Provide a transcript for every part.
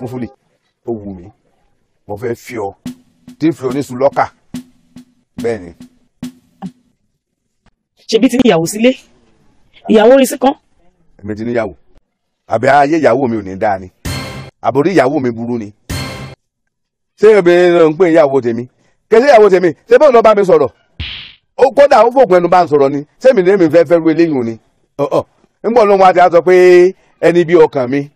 mo fún lè ó wù mí mo fẹ́ fi ọ tí fi oníṣu lọ́kà bẹ́ẹ̀ ni. ṣebí ti ní ìyàwó sílé ìyàwó orin sí kan. èmi ti níyàwó àbí ayé ìyàwó mi ò ní dáa ni àbórí ìyàwó mi burú ni ṣé obìnrin náà ń pè ìyàwó tèmi kẹsí ìyàwó tèmi ṣé bóun náà bá mi sọ̀rọ̀ ó kódà ó fòpin ẹnu bá ń sọ̀rọ̀ ni sẹ́mi ní èmi fẹ́ fẹ́ ru eléyìí ni ń bọ̀ lóun wá ti á sọ pé ẹni bí ọkàn mi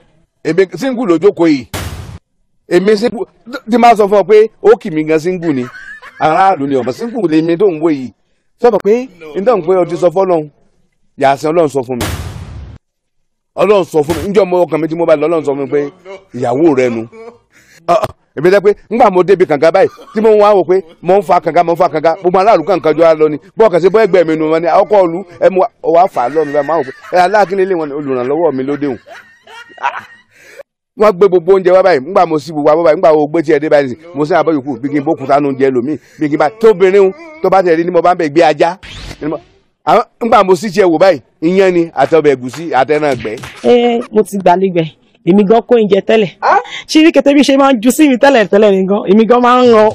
èmi single ló jókòó yìí èmi single tí máa sọ fún ọ pé ó kì mí gan single ni aráàlú ni ọmọ single lèmi tó ń wé yìí sọ pé nígbà pé o ti sọ fọlọ́hún yàtí ọlọ́run sọ fún mi ọlọ́run sọ fún mi níjọ́ mo mi mo lọ ọlọ́run sọ mi rẹ nu ebe jẹ́ pe ńgbà mo débi kànga báyìí mo ń wá pe mo n fa mo fa gbogbo jọ lọ ni mi mi wọ́n gbé gbogbo oúnjẹ wá báyìí ńgbà mo sí gbogbo abọ́ báyìí ńgbà wo gbé tiẹ̀ dé báyìí mo sí àbọ̀ yòókù bíkí bó kùtà oúnjẹ lòmíì bíkí bá tóbìnrin ń tó bá tẹ̀lé ni mo bá ń bẹ̀ gbé ajá ńgbà mo sí tiẹ̀ wò báyìí ìyẹn ni àtọbẹ̀ ẹ̀gúsí àtẹ̀ràn gbẹ. ẹ mo ti gbàlejò èmi gan kó oúnjẹ tẹ́lẹ̀ ṣírí kété bí ṣe máa ń ju sí mi tẹ́lẹ̀ tẹ́lẹ̀ nìkan èmi gan máa ń rọ.